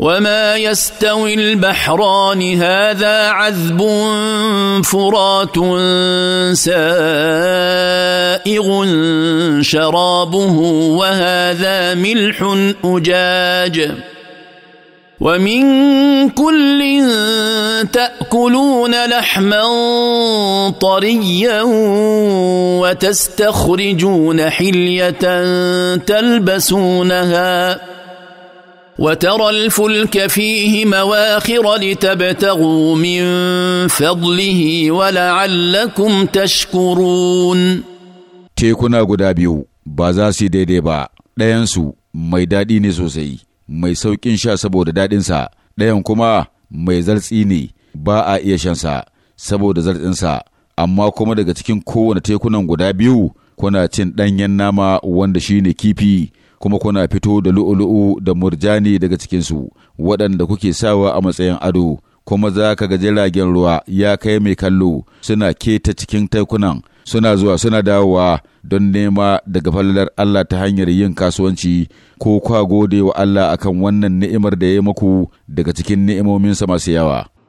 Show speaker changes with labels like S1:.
S1: وما يستوي البحران هذا عذب فرات سائغ شرابه وهذا ملح اجاج ومن كل تاكلون لحما طريا وتستخرجون حليه تلبسونها وترى الفلك فيه مواخر لتبتغوا من فضله ولعلكم تشكرون
S2: tekuna guda biyu ba za su yi daidai ba ɗayansu mai daɗi ne sosai mai sauƙin sha saboda daɗinsa ɗayan kuma mai zartsi ne ba a iya shansa saboda zartsinsa amma kuma daga cikin kowane tekunan guda biyu kuna cin ɗanyen nama wanda shine kifi kuma kuna fito da lu'ulu'u da murjani daga cikinsu waɗanda kuke sawa a matsayin ado kuma za ka ga jiragen ruwa ya kai mai kallo suna keta cikin taikunan suna zuwa suna dawowa don nema daga fallar Allah ta hanyar yin kasuwanci ko kwa gode wa Allah akan wannan ni'imar da ya muku daga cikin ni'imominsa masu yawa.